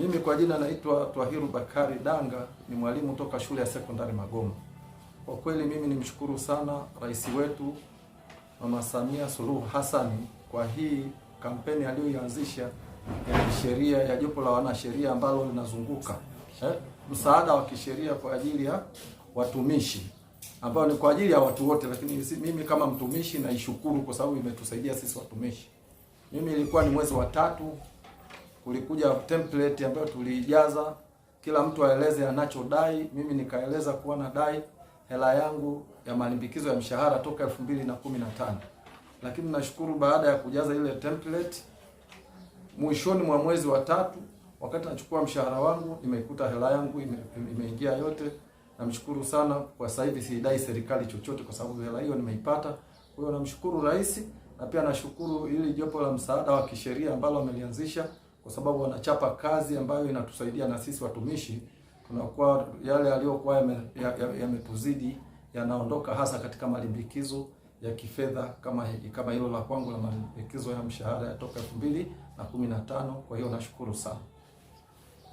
Mimi kwa jina naitwa Twahiru Bakari Danga, ni mwalimu toka shule ya sekondari Magoma. Kwa kweli mimi nimshukuru sana rais wetu Mama Samia Suluhu Hassani kwa hii kampeni aliyoianzisha ya kisheria ya jopo la wanasheria ambalo linazunguka eh, msaada wa kisheria kwa ajili ya watumishi ambao ni kwa ajili ya watu wote, lakini mimi kama mtumishi naishukuru kwa sababu imetusaidia sisi watumishi. Mimi ilikuwa ni mwezi wa tatu kulikuja template ambayo tulijaza kila mtu aeleze anachodai. Mimi nikaeleza kuwa nadai hela yangu ya malimbikizo ya mshahara toka 2015 lakini nashukuru baada ya kujaza ile template, mwishoni mwa mwezi wa tatu, wakati nachukua mshahara wangu, nimeikuta hela yangu ime, imeingia yote. Namshukuru sana kwa sasa hivi siidai serikali chochote, kwa sababu hela hiyo nimeipata. Kwa hiyo namshukuru rais, na pia nashukuru ili jopo la msaada wa kisheria ambalo amelianzisha kwa sababu wanachapa kazi ambayo inatusaidia na sisi watumishi tunakuwa yale yaliyokuwa yametuzidi ya, ya yanaondoka, hasa katika malimbikizo ya kifedha kama kama hilo la kwangu la malimbikizo ya mshahara ya toka 2015 kwa hiyo nashukuru sana.